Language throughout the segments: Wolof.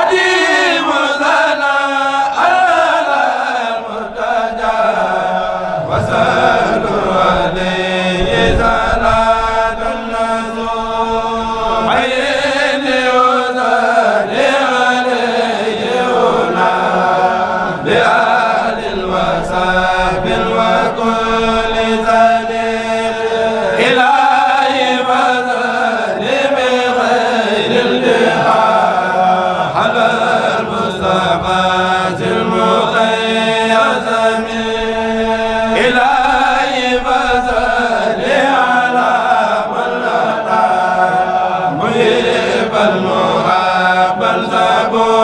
adi ba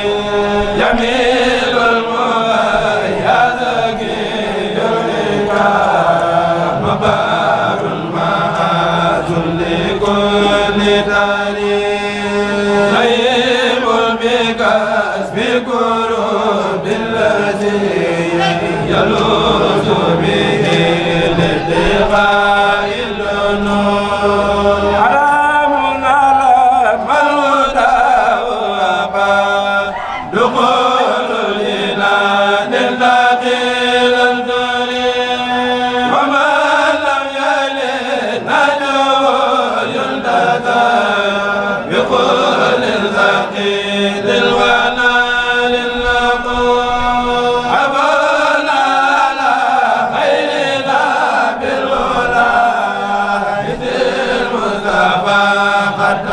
كل كل تاريخ المصطفى قد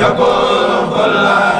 يكون كل